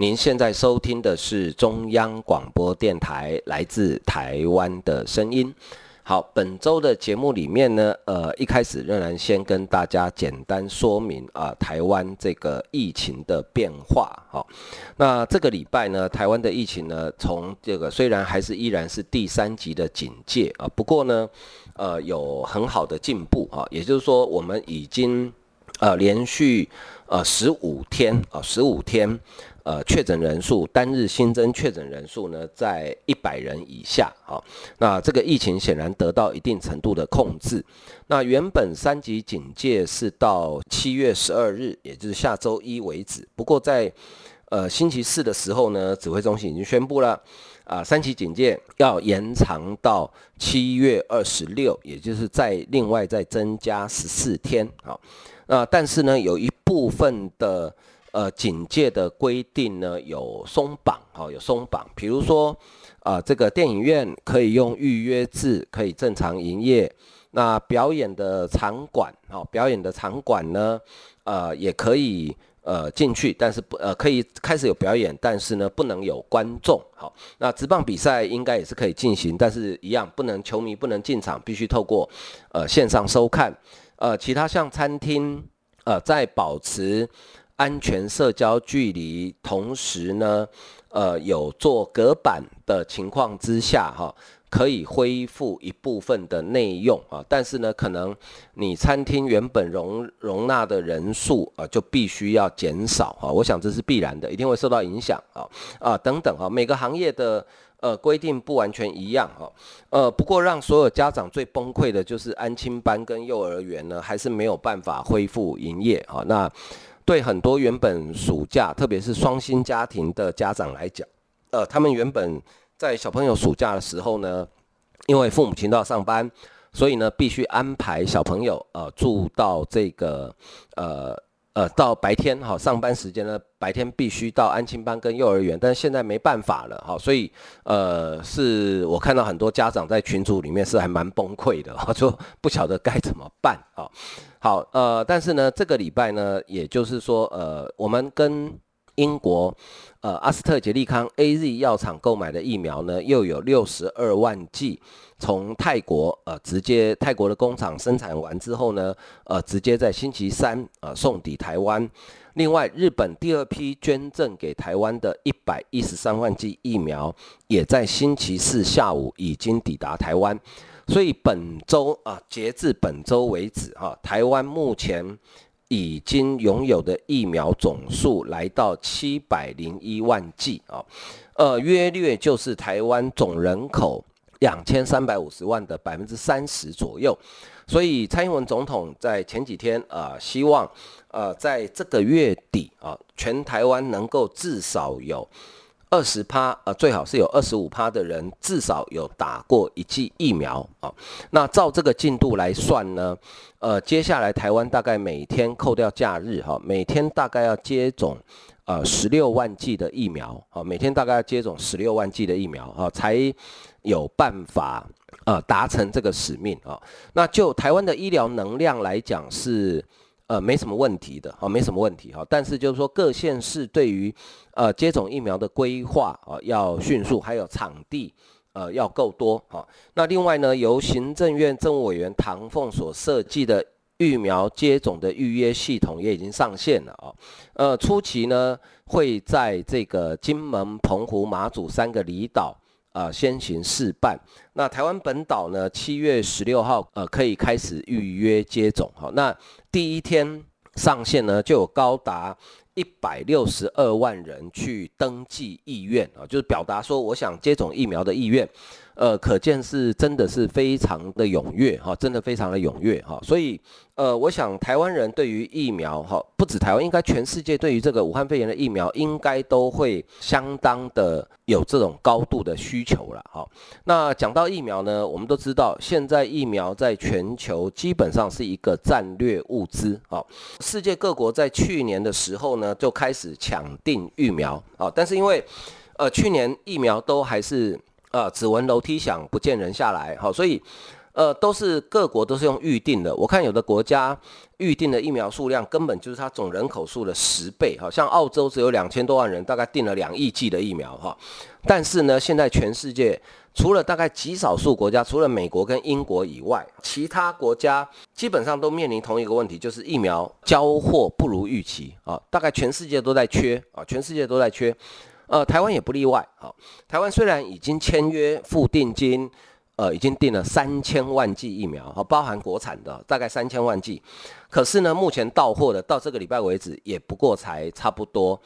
您現在收聽的是中央廣播電臺來自台灣的聲音。好，本周的節目裡面呢，呃，一開始仍然先跟大家簡單說明啊、呃，台灣這個疫情的變化。好、哦，那這個禮拜呢，台灣的疫情呢，從這個雖然還是依然是第三級的警戒啊、呃，不過呢，呃，有很好的進步啊、哦，也就是說，我們已經。呃，連續呃十五天啊，十五天，呃，確診人數單日新增確診人數呢，在一百人以下啊、哦。那這個疫情顯然得到一定程度的控制。那原本三級警戒是到七月十二日，也就是下周一為止。不過在呃星期四的時候呢，指揮中心已經宣布了，啊、呃，三級警戒要延長到七月二十六，也就是再另外再增加十四天啊。哦。那、呃、但是呢，有一部分的呃警戒的規定呢有鬆綁哈，有鬆綁，比如說啊、呃，這個電影院可以用預約制，可以正常營業。那表演的場館好、哦、表演的場館呢，呃，也可以呃進去，但是不呃可以開始有表演，但是呢不能有觀眾好、哦。那職棒比賽應該也是可以進行，但是一樣不能球迷不能進場，必須透過呃線上收看。呃，其他像餐廳，呃，在保持安全社交距離同時呢，呃，有做隔板的情況之下，哈、哦，可以恢復一部分的內用啊、哦，但是呢，可能你餐廳原本容容納的人數啊、呃，就必須要減少啊、哦，我想這是必然的，一定會受到影響、哦、啊啊等等啊、哦，每個行業的。呃，規定不完全一樣哈、哦，呃，不過讓所有家長最崩潰的就是安親班跟幼兒園呢，還是沒有辦法恢復營業啊、哦。那對很多原本暑假，特別是雙薪家庭的家長來講，呃，他們原本在小朋友暑假的時候呢，因為父母親都要上班，所以呢，必須安排小朋友呃住到這個呃。呃，到白天哈、哦、上班時間呢，白天必須到安親班跟幼兒園，但是現在沒辦法了哈、哦，所以呃，是我看到很多家長在群組裡面是還蠻崩潰的、哦，就不曉得該怎麼辦啊、哦。好，呃，但是呢，這個禮拜呢，也就是說，呃，我們跟。英國，呃，阿斯特捷利康 AZ 藥廠購買的疫苗呢，又有六十二萬劑，從泰國，呃，直接泰國的工廠生產完之後呢，呃，直接在星期三，呃，送抵台灣。另外，日本第二批捐贈給台灣的一百一十三萬劑疫苗，也在星期四下午已經抵達台灣。所以本週啊、呃，截至本週為止，哈、啊，台灣目前。已經擁有的疫苗總數來到七百零一萬劑啊，呃，約略就是台灣總人口兩千三百五十萬的百分之三十左右，所以蔡英文總統在前幾天啊，呃，希望呃在這個月底啊，全台灣能夠至少有。二十趴，啊，最好是有二十五趴的人至少有打過一劑疫苗啊。那照這個進度來算呢，呃，接下來台灣大概每天扣掉假日哈，每天大概要接種，呃，十六萬劑的疫苗啊，每天大概要接種十六萬劑的疫苗啊，才有辦法啊達成這個使命啊。那就台灣的醫療能量來講是。呃，沒什麼問題的，哦，沒什麼問題哈、哦。但是就是說，各縣市對於呃接種疫苗的規劃啊、哦，要迅速，還有場地呃要夠多哈、哦。那另外呢，由行政院政務委員唐鳳所設計的疫苗接種的預約系統也已經上線了哦。呃，初期呢會在這個金門、澎湖、馬祖三個離島啊、呃、先行試辦。那台灣本島呢，七月十六號呃可以開始預約接種哈、哦。那第一天上線呢，就有高達一百六十二萬人去登記意願啊，就是表達說我想接種疫苗的意願，呃，可見是真的是非常的踴躍哈、哦，真的非常的踴躍哈、哦，所以呃，我想台灣人對於疫苗哈、哦，不止台灣，應該全世界對於這個武漢肺炎的疫苗應該都會相當的有這種高度的需求了哈、哦。那講到疫苗呢，我們都知道現在疫苗在全球基本上是一個戰略物資啊、哦，世界各國在去年的時候呢。那就開始搶訂疫苗啊、哦，但是因為，呃，去年疫苗都還是呃，只聞樓梯響不見人下來，哈、哦，所以。呃，都是各國都是用預訂的。我看有的國家預訂的疫苗數量根本就是它總人口數的十倍。好像澳洲只有兩千多萬人，大概訂了兩億劑的疫苗。哈，但是呢，現在全世界除了大概極少數國家，除了美國跟英國以外，其他國家基本上都面臨同一個問題，就是疫苗交貨不如預期。啊，大概全世界都在缺。啊，全世界都在缺。呃，台灣也不例外。好，台灣雖然已經簽約付定金。呃，已經訂了三千萬劑疫苗，哈，包含國產的，大概三千萬劑。可是呢，目前到貨的到這個禮拜為止，也不過才差不多，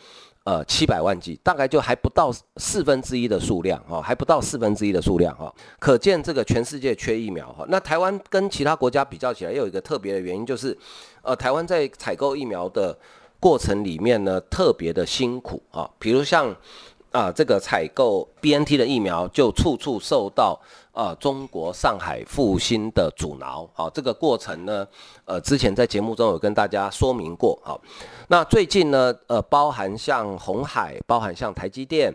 呃，七百萬劑，大概就還不到四分之一的數量，哈、哦，還不到四分之一的數量，哈、哦。可見這個全世界缺疫苗，哈、哦。那台灣跟其他國家比較起來，又有一個特別的原因，就是，呃，台灣在採購疫苗的過程裡面呢，特別的辛苦，啊、哦，比如像，啊、呃，這個採購 BNT 的疫苗，就處處受到。啊、呃，中國上海復興的阻撓，啊、哦，這個過程呢，呃，之前在節目中有跟大家說明過，好、哦，那最近呢，呃，包含像鴻海，包含像台積電，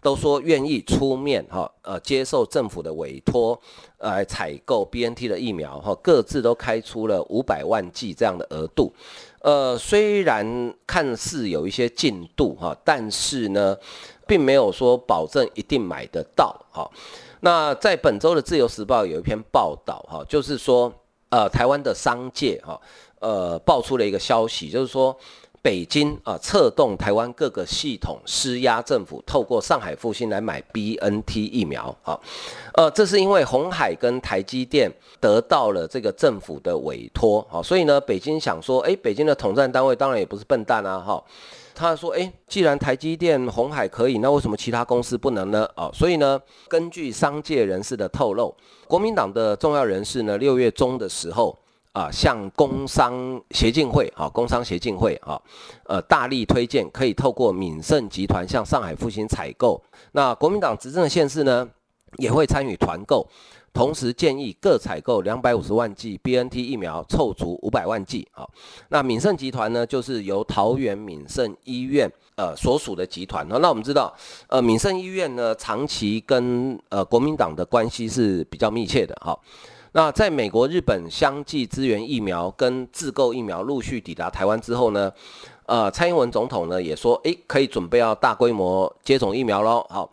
都說願意出面，哈、哦，呃，接受政府的委托，來、呃、採購 B N T 的疫苗，哈、哦，各自都開出了五百萬劑這樣的額度，呃，雖然看似有一些進度，哈、哦，但是呢，並沒有說保證一定買得到，好、哦。那在本周的《自由時報》有一篇報道，哈，就是說，呃，台灣的商界，哈，呃，爆出了一個消息，就是說，北京啊、呃，策動台灣各個系統施壓政府，透過上海復興來買 BNT 疫苗，哈，呃，這是因為鴻海跟台積電得到了這個政府的委托，啊，所以呢，北京想說，誒、欸，北京的統戰單位當然也不是笨蛋啊，哈。他說：“誒、欸，既然台積電、鴻海可以，那為什麼其他公司不能呢？哦，所以呢，根據商界人士的透露，國民黨的重要人士呢，六月中的時候啊，向工商協進會啊，工商協進會啊，呃，大力推薦可以透過敏盛集團向上海復興採購。那國民黨執政的縣市呢，也會參與團購。”同時建議各採購兩百五十萬劑 BNT 疫苗，湊足五百萬劑。好，那敏盛集團呢，就是由桃園敏盛醫院，呃，所屬的集團。那我們知道，呃，敏盛醫院呢，長期跟呃國民黨的關係是比較密切的。好，那在美國、日本相繼支援疫苗跟自購疫苗陸續抵達台灣之後呢，呃，蔡英文總統呢也說，誒，可以準備要大規模接種疫苗嘍。好。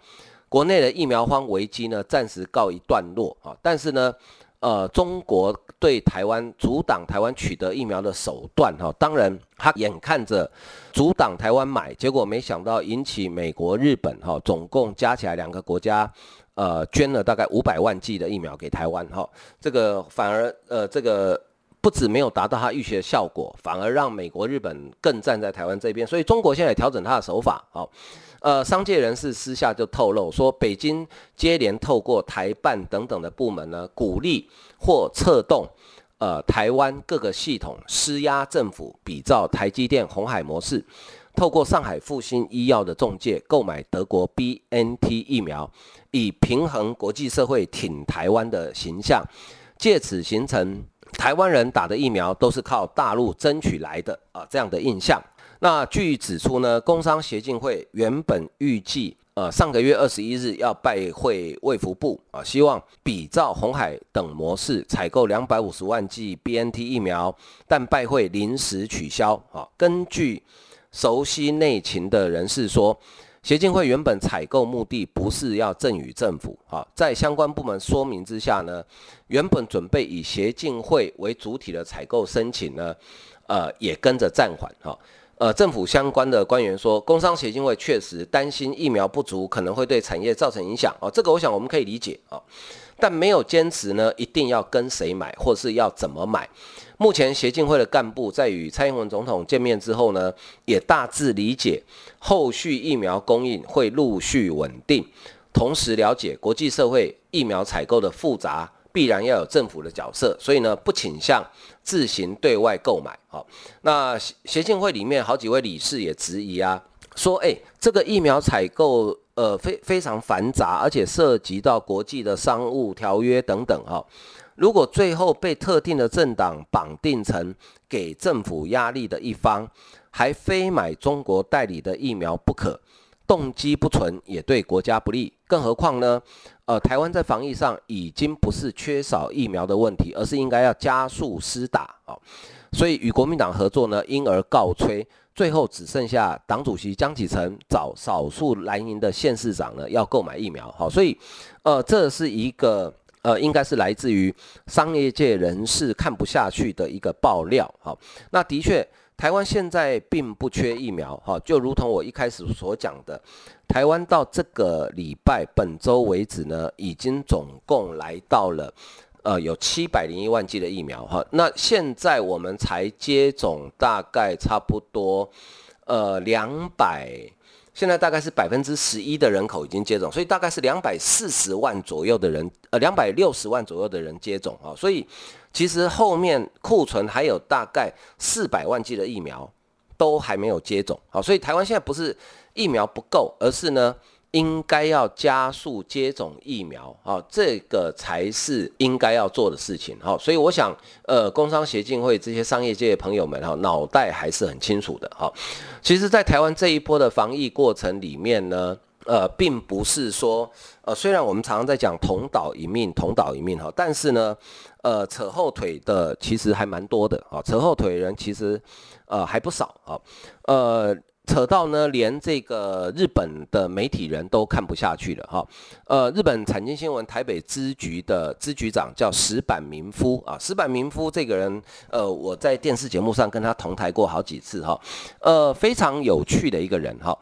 國內的疫苗荒危機呢，暫時告一段落啊。但是呢，呃，中國對台灣阻擋台灣取得疫苗的手段哈，當然他眼看着阻擋台灣買，結果沒想到引起美國、日本哈，總共加起來兩個國家，呃，捐了大概五百萬劑的疫苗給台灣哈。這個反而呃，這個。不止沒有達到他預期的效果，反而讓美國、日本更站在台灣這邊。所以中國現在調整他的手法啊、哦，呃，商界人士私下就透露說，北京接連透過台辦等等的部門呢，鼓勵或策動，呃，台灣各個系統施壓政府，比照台積電、鴻海模式，透過上海復星醫藥的中介購買德國 BNT 疫苗，以平衡國際社會挺台灣的形象，借此形成。台灣人打的疫苗都是靠大陸爭取來的啊，這樣的印象。那據指出呢，工商協進會原本預計，呃、啊，上個月二十一日要拜會衛福部啊，希望比照鴻海等模式採購兩百五十萬劑 BNT 疫苗，但拜會臨時取消啊。根據熟悉內情的人士說。協進會原本採購目的不是要贈予政府啊，在相關部門說明之下呢，原本準備以協進會為主體的採購申請呢，呃，也跟着暫緩哈。呃，政府相關的官員說，工商協進會確實擔心疫苗不足可能會對產業造成影響哦、呃，這個我想我們可以理解啊、呃，但沒有堅持呢，一定要跟誰買或是要怎麼買。目前協進會的幹部在與蔡英文總統見面之後呢，也大致理解後續疫苗供應會陸續穩定，同時了解國際社會疫苗採購的複雜，必然要有政府的角色，所以呢，不傾向自行對外購買。好，那協協進會裡面好幾位理事也質疑啊，說，誒、欸，這個疫苗採購，呃，非非常繁雜，而且涉及到國際的商務條約等等，哈。如果最後被特定的政黨綁定成給政府壓力的一方，還非買中國代理的疫苗不可，動機不純，也對國家不利。更何況呢？呃，台灣在防疫上已經不是缺少疫苗的問題，而是應該要加速施打哦，所以與國民黨合作呢，因而告吹，最後只剩下黨主席江啟臣找少數藍營的縣市長呢，要購買疫苗。好，哦，所以，呃，這是一個。呃，應該是來自於商業界人士看不下去的一個爆料。哈、哦，那的確，台灣現在並不缺疫苗。哈、哦，就如同我一開始所講的，台灣到這個禮拜本周為止呢，已經總共來到了，呃，有七百零一萬劑的疫苗。哈、哦，那現在我們才接種大概差不多，呃，兩百。現在大概是百分之十一的人口已經接種，所以大概是兩百四十萬左右的人，呃，兩百六十萬左右的人接種啊。所以其實後面庫存還有大概四百萬劑的疫苗都還沒有接種。所以台灣現在不是疫苗不夠，而是呢。應該要加速接種疫苗啊、哦，這個才是應該要做的事情哈、哦。所以我想，呃，工商協進會這些商業界的朋友們哈、哦，腦袋還是很清楚的哈、哦。其實，在台灣這一波的防疫過程裡面呢，呃，並不是說，呃，雖然我們常常在講同島一命，同島一命哈、哦，但是呢，呃，扯後腿的其實還蠻多的啊、哦，扯後腿的人其實，呃，還不少啊、哦，呃。扯到呢，連這個日本的媒體人都看不下去了哈、哦。呃，日本產經新聞台北支局的支局長叫石坂明夫啊。石坂明夫這個人，呃，我在電視節目上跟他同台過好幾次哈、哦，呃，非常有趣的一個人哈、哦。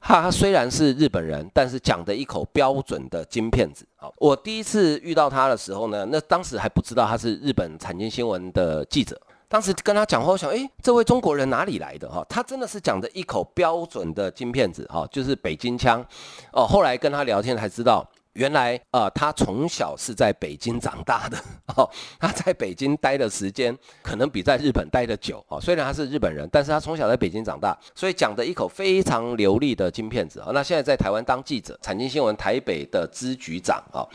他雖然是日本人，但是講的一口標準的京片子。好，我第一次遇到他的時候呢，那當時還不知道他是日本產經新聞的記者。當時跟他講話，我想，誒，這位中國人哪裡來的哈、哦？他真的是講的一口標準的京片子哈、哦，就是北京腔哦。後來跟他聊天才知道，原來啊、呃，他從小是在北京長大的哦。他在北京待的時間可能比在日本待得久哦。雖然他是日本人，但是他從小在北京長大，所以講的一口非常流利的京片子啊、哦。那現在在台灣當記者，產經新聞台北的支局長啊、哦，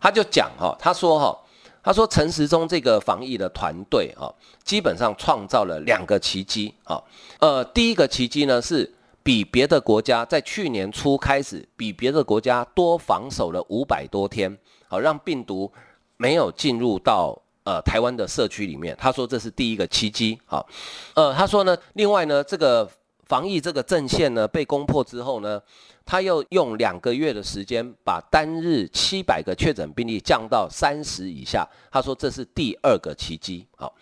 他就講哈、哦，他說哈。哦他說，陳時中這個防疫的團隊啊，基本上創造了兩個奇蹟啊、哦。呃，第一個奇蹟呢是比別的國家在去年初開始，比別的國家多防守了五百多天，好、哦、讓病毒沒有進入到呃台灣的社區裡面。他說，這是第一個奇蹟。好、哦，呃，他說呢，另外呢這個。.防疫這個陣線呢被攻破之後呢，他又用兩個月的時間把單日七百個確診病例降到三十以下。他說這是第二個奇蹟。好，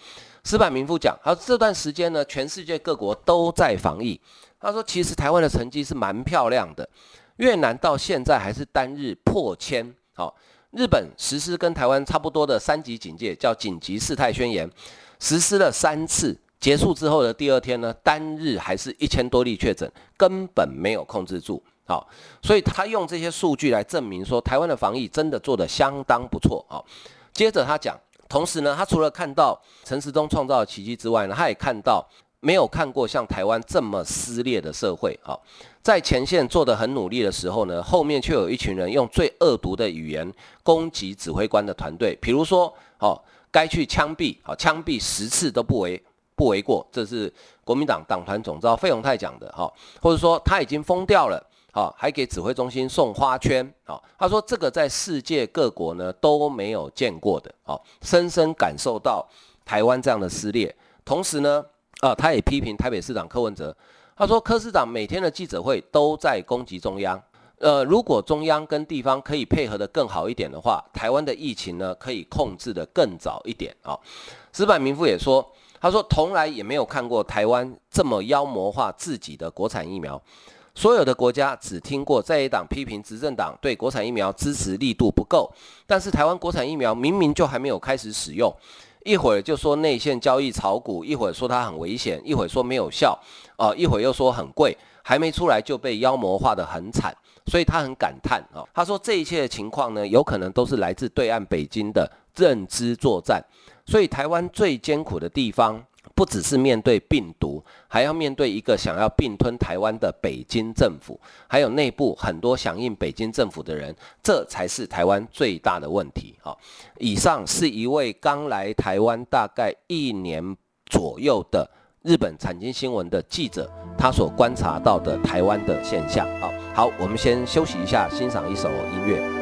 史柏明夫講，好這段時間呢，全世界各國都在防疫。他說其實台灣的成績是蠻漂亮的，越南到現在還是單日破千。好，日本實施跟台灣差不多的三級警戒，叫緊急事態宣言，實施了三次。結束之後的第二天呢，單日還是一千多例確診，根本沒有控制住。好、哦，所以他用這些數據來證明說，台灣的防疫真的做得相當不錯啊、哦。接着他講，同時呢，他除了看到陳時中創造的奇蹟之外呢，他也看到沒有看過像台灣這麼撕裂的社會啊、哦。在前線做得很努力的時候呢，後面卻有一群人用最惡毒的語言攻擊指揮官的團隊，比如說，哦，該去槍斃，哦，槍斃十次都不為。不為過，這是國民黨黨團總召費鴻泰講的哈，或者說他已經瘋掉了，哈，還給指揮中心送花圈，哈，他說這個在世界各國呢都沒有見過的，哈，深深感受到台灣這樣的撕裂。同時呢，啊、呃，他也批評台北市長柯文哲，他說柯市長每天的記者會都在攻擊中央，呃，如果中央跟地方可以配合得更好一點的話，台灣的疫情呢可以控制得更早一點啊、呃。石坂民夫也說。他說：“從來也沒有看過台灣這麼妖魔化自己的國產疫苗，所有的國家只聽過在野黨批評執政黨對國產疫苗支持力度不夠，但是台灣國產疫苗明明就還沒有開始使用，一會兒就說內線交易炒股，一會兒說它很危險，一會兒說沒有效，哦，一會兒又說很貴，還沒出來就被妖魔化得很慘，所以他很感嘆啊。他說這一切的情況呢，有可能都是來自對岸北京的認知作戰。”所以，台灣最艱苦的地方不只是面對病毒，還要面對一個想要併吞台灣的北京政府，還有內部很多響應北京政府的人，這才是台灣最大的問題。好，以上是一位剛來台灣大概一年左右的日本產經新聞的記者，他所觀察到的台灣的現象。好好，我們先休息一下，欣賞一首音樂。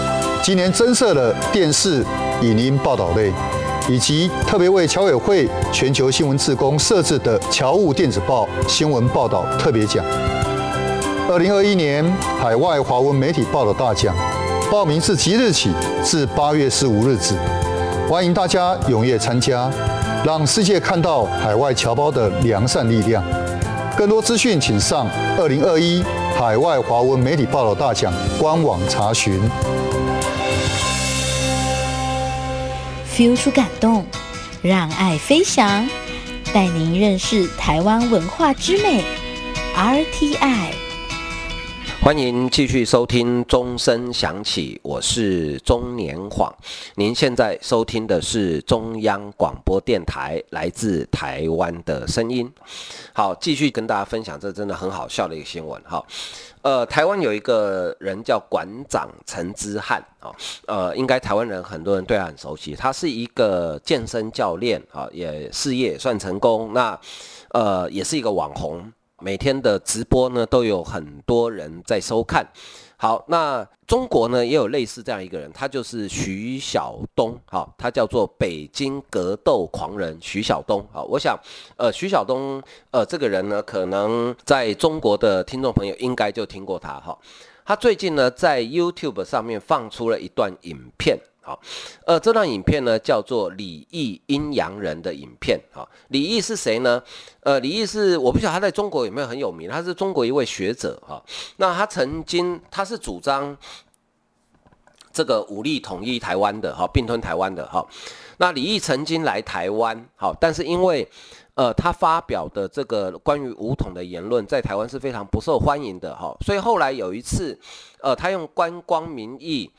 今年增設了電視、影音報道類，以及特別為僑委會全球新聞志工設置的僑務電子報新聞報道特別獎。二零二一年海外華文媒體報道大獎報名自即日起至八月十五日止，歡迎大家踴躍參加，讓世界看到海外僑胞的良善力量。更多資訊，請上二零二一海外華文媒體報道大獎官網查詢。流出感動，讓愛飛翔，帶您認識台灣文化之美。RTI。歡迎繼續收聽鐘聲響起，我是鍾年晃。您現在收聽的是中央廣播電台來自台灣的聲音。好，繼續跟大家分享這真的很好笑的一個新聞。哈，呃，台灣有一個人叫館長陳之漢，哈，呃，應該台灣人很多人對他很熟悉。他是一個健身教練啊，也事業也算成功，那呃，也是一個網紅。每天的直播呢，都有很多人在收看。好，那中國呢也有類似這樣一個人，他就是徐曉東，哈、哦，他叫做北京格鬥狂人徐曉東，好，我想，呃，徐曉東，呃，這個人呢，可能在中國的聽眾朋友應該就聽過他，哈、哦，他最近呢在 YouTube 上面放出了一段影片。好，呃，這段影片呢叫做李毅陰陽人的影片。哈、哦，李毅是誰呢？呃，李毅是我不曉得他在中國有沒有很有名，他是中國一位學者。哈、哦，那他曾經他是主張這個武力統一台灣的，哈、哦，併吞台灣的，哈、哦。那李毅曾經來台灣，好、哦，但是因為呃，他發表的這個關於武統的言論，在台灣是非常不受歡迎的，哈、哦。所以後來有一次，呃，他用觀光名義。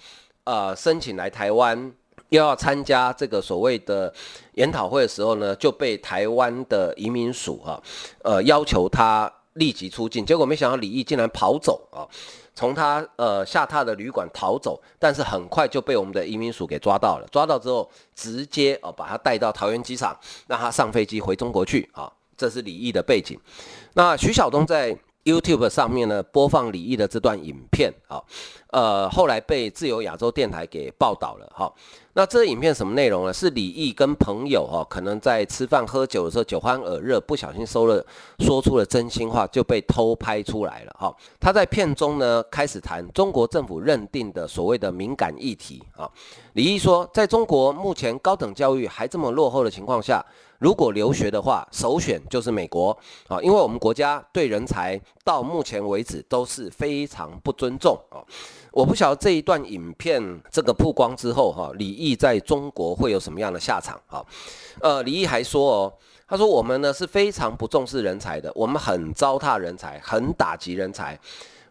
呃，申請來台灣又要參加這個所謂的研討會的時候呢，就被台灣的移民署啊，呃，要求他立即出境。結果沒想到李毅竟然跑走啊，從他呃下榻的旅館逃走，但是很快就被我們的移民署給抓到了。抓到之後，直接哦，啊，把他帶到桃園機場，讓他上飛機回中國去啊。這是李毅的背景。那徐曉東在 YouTube 上面呢播放李毅的這段影片，好、哦，呃，後來被自由亞洲電台給報道了，好、哦，那這影片什麼內容呢？是李毅跟朋友哈、哦，可能在吃飯喝酒的時候酒酣耳熱，不小心說了說出了真心話，就被偷拍出來了，哈、哦。他在片中呢開始談中國政府認定的所謂的敏感議題啊、哦，李毅說，在中國目前高等教育還這麼落後的情況下。如果留學的話，首選就是美國啊，因為我們國家對人才到目前為止都是非常不尊重啊。我不曉得這一段影片這個曝光之後哈，李毅在中國會有什麼樣的下場啊？呃，李毅還說哦，他說我們呢是非常不重視人才的，我們很糟蹋人才，很打擊人才。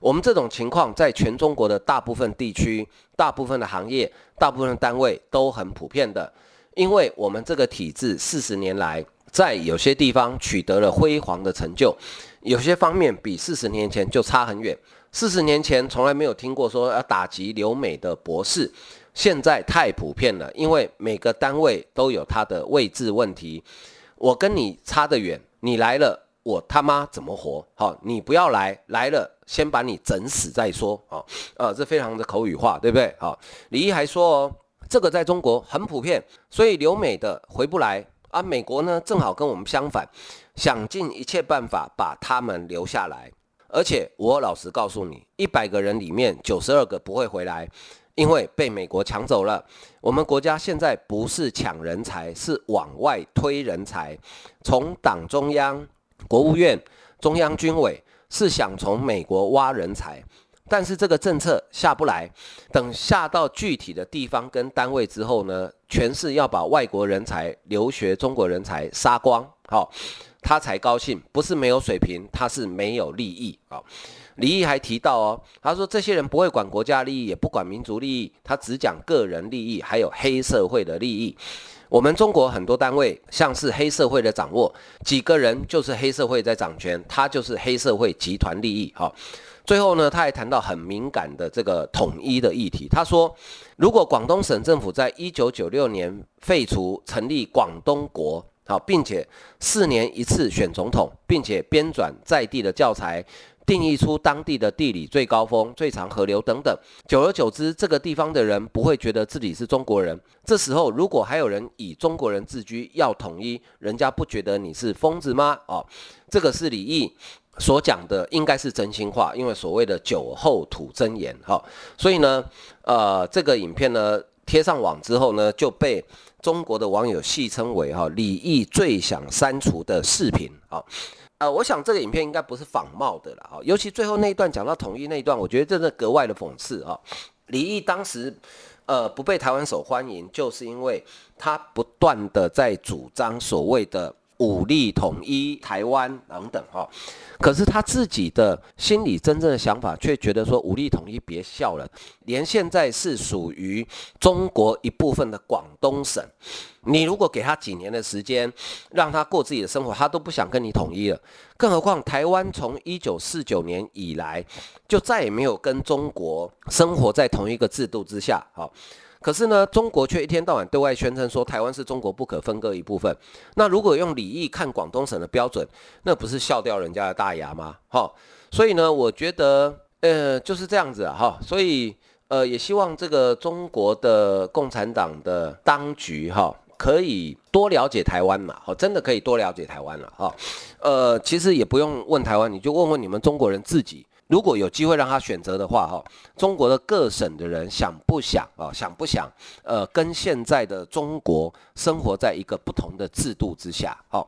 我們這種情況在全中國的大部分地區、大部分的行業、大部分的單位都很普遍的。因為我們這個體制四十年來，在有些地方取得了輝煌的成就，有些方面比四十年前就差很遠。四十年前從來沒有聽過說要打擊留美的博士，現在太普遍了。因為每個單位都有他的位置問題，我跟你差得遠，你來了，我他媽怎麼活？好，你不要來，來了先把你整死再說。好啊，這非常的口語化，對不對？好，李毅還說哦。這個在中國很普遍，所以留美的回不來。而美國呢，正好跟我們相反，想盡一切辦法把他們留下來。而且我老實告訴你，一百個人裡面九十二個不會回來，因為被美國搶走了。我們國家現在不是搶人才，是往外推人才。從黨中央、國務院、中央軍委，是想從美國挖人才。但是這個政策下不來，等下到具體的地方跟單位之後呢，全是要把外國人才、留學中國人才殺光，好、哦，他才高興。不是沒有水平，他是沒有利益啊、哦。李毅還提到哦，他說這些人不會管國家利益，也不管民族利益，他只講個人利益，還有黑社會的利益。我們中國很多單位，像是黑社會的掌握，幾個人就是黑社會在掌權，他就是黑社會集團利益，好、哦。最後呢，他還談到很敏感的這個統一的議題。他說，如果廣東省政府在一九九六年廢除成立廣東國，好，並且四年一次選總統，並且編纂在地的教材，定義出當地的地理最高峰、最長河流等等，久而久之，這個地方的人不會覺得自己是中國人。這時候，如果還有人以中國人自居要統一，人家不覺得你是瘋子嗎？哦，這個是李毅。所講的應該是真心話，因為所謂的酒後吐真言哈、哦，所以呢，呃，這個影片呢貼上網之後呢，就被中國的網友戲稱為哈、哦、李毅最想刪除的視頻啊、哦，呃，我想這個影片應該不是仿冒的了啊，尤其最後那一段講到統一那一段，我覺得真的格外的諷刺哈、哦，李毅當時呃不被台灣所歡迎，就是因為他不斷的在主張所謂的。武力統一台灣等等，哈，可是他自己的心裡真正的想法卻覺得說武力統一，別笑了。連現在是屬於中國一部分的廣東省，你如果給他幾年的時間，讓他過自己的生活，他都不想跟你統一了。更何況台灣從一九四九年以來，就再也沒有跟中國生活在同一個制度之下，哈。可是呢，中國卻一天到晚對外宣稱說台灣是中國不可分割一部分。那如果用禮儀看廣東省的標準，那不是笑掉人家的大牙嗎？哈、哦，所以呢，我覺得，呃，就是這樣子啊，哈、哦，所以，呃，也希望這個中國的共產黨的當局，哈、哦，可以多了解台灣嘛，哈、哦，真的可以多了解台灣了、啊，哈、哦，呃，其實也不用問台灣，你就問問你們中國人自己。如果有機會讓他選擇的話，哈，中國的各省的人想不想啊？想不想？呃，跟現在的中國生活在一個不同的制度之下，好，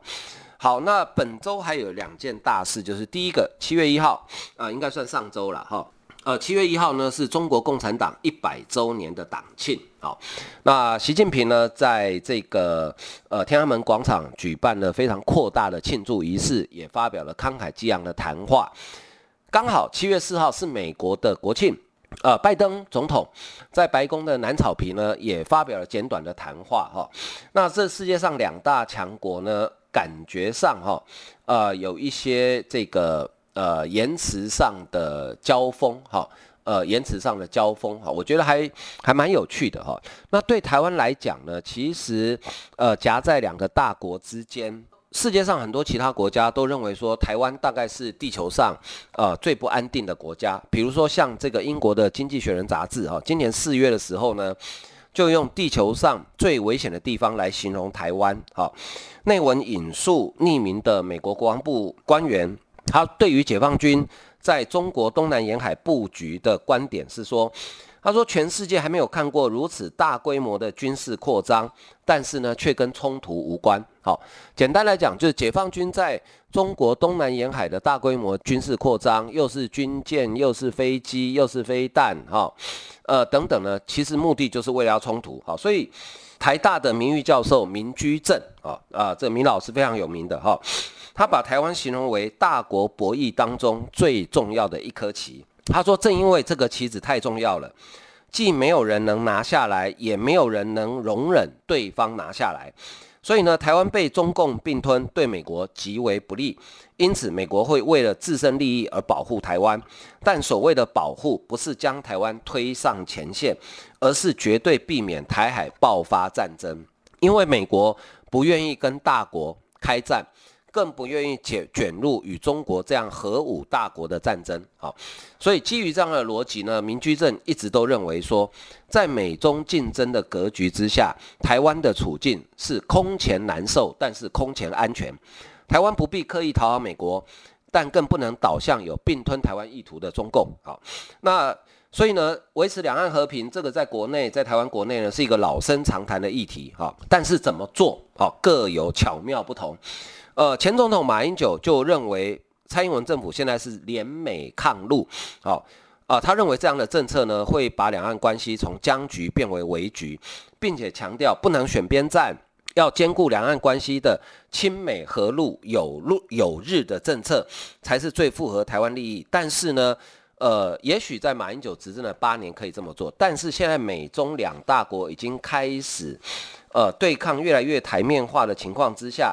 好。那本週還有兩件大事，就是第一個，七月一號，啊，應該算上週了，哈，呃，七月一號呢是中國共產黨一百週年的黨慶，好，那習近平呢在這個呃天安門廣場舉辦了非常擴大的慶祝儀式，也發表了慷慨激昂的談話。剛好七月四號是美國的國慶，呃，拜登總統在白宮的南草坪呢也發表了簡短的談話哈。那這世界上兩大強國呢，感覺上哈，呃，有一些這個呃言辭上的交鋒哈，呃言辭上的交鋒哈，我覺得還還蠻有趣的哈。那對台灣來講呢，其實呃夾在兩個大國之間。世界上很多其他國家都認為說，台灣大概是地球上呃最不安定的國家。比如說像這個英國的《經濟學人》雜誌哈，今年四月的時候呢，就用“地球上最危險的地方”來形容台灣。哈，內文引述匿名的美國國防部官員，他對於解放軍在中國東南沿海佈局的觀點是說。他說，全世界還沒有看過如此大規模的軍事擴張，但是呢，卻跟衝突無關。好、哦，簡單來講，就是解放軍在中國東南沿海的大規模軍事擴張，又是軍艦，又是飛機，又是飛彈，哈、哦，呃，等等呢，其實目的就是為了要衝突。好、哦，所以台大的名譽教授民居正，啊、哦、啊、呃，這民老師非常有名的哈、哦，他把台灣形容為大國博弈當中最重要的一顆棋。他說：“正因為這個棋子，太重要了，既沒有人能拿下來，也沒有人能容忍對方拿下來，所以呢，台灣被中共併吞對美國極為不利。因此，美國會為了自身利益而保護台灣，但所謂的保護，不是將台灣推上前線，而是絕對避免台海爆發戰爭，因為美國不願意跟大國開戰。”更不願意捲捲入與中國這樣核武大國的戰爭啊，所以基於這樣的邏輯呢，明居正一直都認為說，在美中競爭的格局之下，台灣的處境是空前難受，但是空前安全。台灣不必刻意討好美國，但更不能倒向有併吞台灣意圖的中共好，那所以呢，維持兩岸和平，這個在國內在台灣國內呢是一個老生常談的議題啊，但是怎麼做好，各有巧妙不同。呃，前總統馬英九就認為，蔡英文政府現在是聯美抗陸，好、哦、啊、呃，他認為這樣的政策呢，會把兩岸關係從僵局變為危局，並且強調不能選邊站，要兼顧兩岸關係的親美和陸友陸友日的政策才是最符合台灣利益。但是呢，呃，也許在馬英九執政的八年可以這麼做，但是現在美中兩大國已經開始，呃，對抗越來越台面化的情況之下。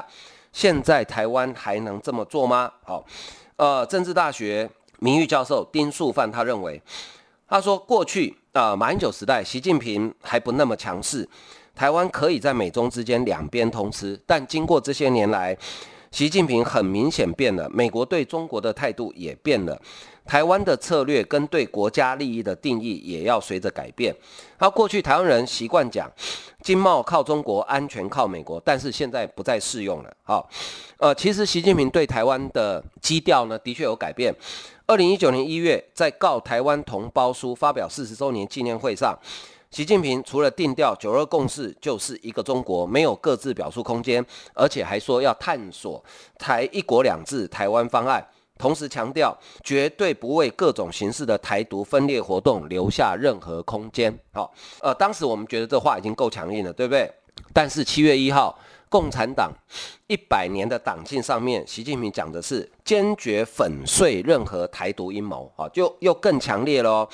現在台灣還能這麼做嗎？好、哦，呃，政治大學名譽教授丁樹範他認為，他說過去呃馬英九時代，習近平還不那麼強勢，台灣可以在美中之間兩邊通吃，但經過這些年來。習近平很明顯變了，美國對中國的態度也變了，台灣的策略跟對國家利益的定義也要隨着改變。好，過去台灣人習慣講，經貿靠中國，安全靠美國，但是現在不再適用了。好，呃，其實習近平對台灣的基調呢，的確有改變。二零一九年一月，在告台灣同胞書發表四十周年紀念會上。習近平除了定調“九二共識”就是一個中國，沒有各自表述空間，而且還說要探索台“一國兩制”台灣方案，同時強調絕對不為各種形式的台獨分裂活動留下任何空間。好、哦，呃，當時我們覺得這話已經夠強硬了，對不對？但是七月一號，共產黨一百年的黨慶上面，習近平講的是堅決粉碎任何台獨陰謀，好、哦，就又更強烈嘍。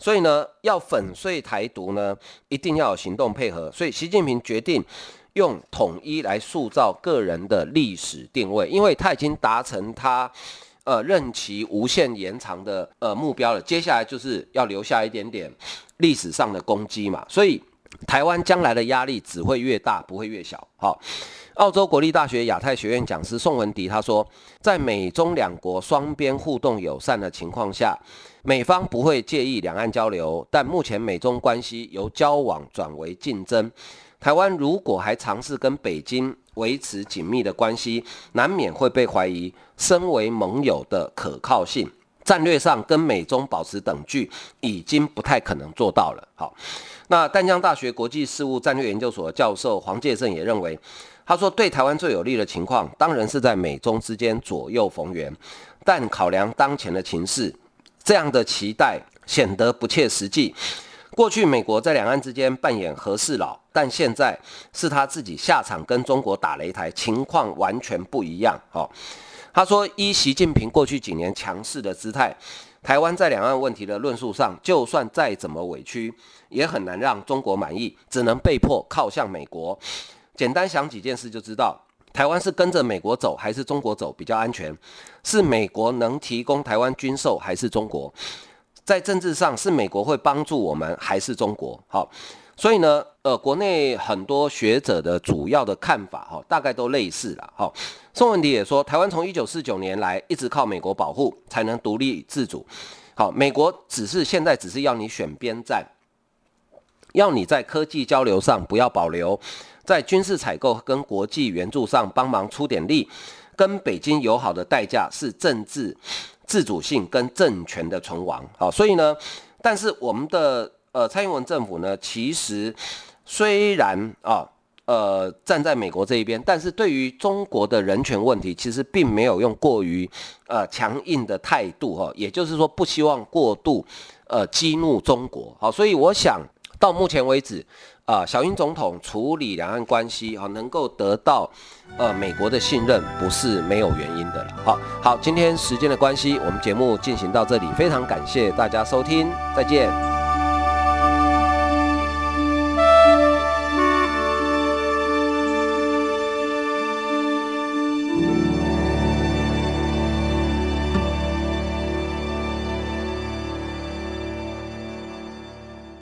所以呢，要粉碎台獨呢，一定要有行動配合。所以習近平決定用統一來塑造個人的歷史定位，因為他已經達成他，呃，任期無限延長的呃目標了。接下來就是要留下一點點歷史上的功績嘛。所以台灣將來的壓力只會越大，不會越小。好、哦。澳洲國立大學亞太學院講師宋文迪他說，在美中兩國雙邊互動友善的情況下，美方不會介意兩岸交流，但目前美中關係由交往轉為競爭，台灣如果還嘗試跟北京維持緊密的關係，難免會被懷疑身為盟友的可靠性。戰略上跟美中保持等距已經不太可能做到了。好，那淡江大學國際事務戰略研究所的教授黃介正也認為。他說，對台灣最有利的情況當然是在美中之間左右逢源，但考量當前的情勢，這樣的期待顯得不切實際。過去美國在兩岸之間扮演和事佬，但現在是他自己下場跟中國打擂台，情況完全不一樣。哦，他說，依習近平過去幾年強勢的姿態，台灣在兩岸問題的論述上，就算再怎麼委屈，也很難讓中國滿意，只能被迫靠向美國。簡單想幾件事就知道，台灣是跟着美國走還是中國走比較安全？是美國能提供台灣軍售還是中國？在政治上是美國會幫助我們還是中國？好，所以呢，呃，國內很多學者的主要的看法哈、哦，大概都類似了哈、哦。宋文迪也說，台灣從一九四九年來一直靠美國保護才能獨立自主。好，美國只是現在只是要你選邊站，要你在科技交流上不要保留。在軍事採購跟國際援助上幫忙出點力，跟北京友好的代價是政治自主性跟政權的存亡，好，所以呢，但是我們的呃蔡英文政府呢，其實雖然啊呃站在美國這一邊，但是對於中國的人權問題，其實並沒有用過於呃強硬的態度哈，也就是說不希望過度呃激怒中國，好，所以我想。到目前為止，啊，小英總統處理兩岸關係啊，能夠得到呃美國的信任，不是沒有原因的了。好，好，今天時間的關係，我們節目進行到這裡，非常感謝大家收聽，再見。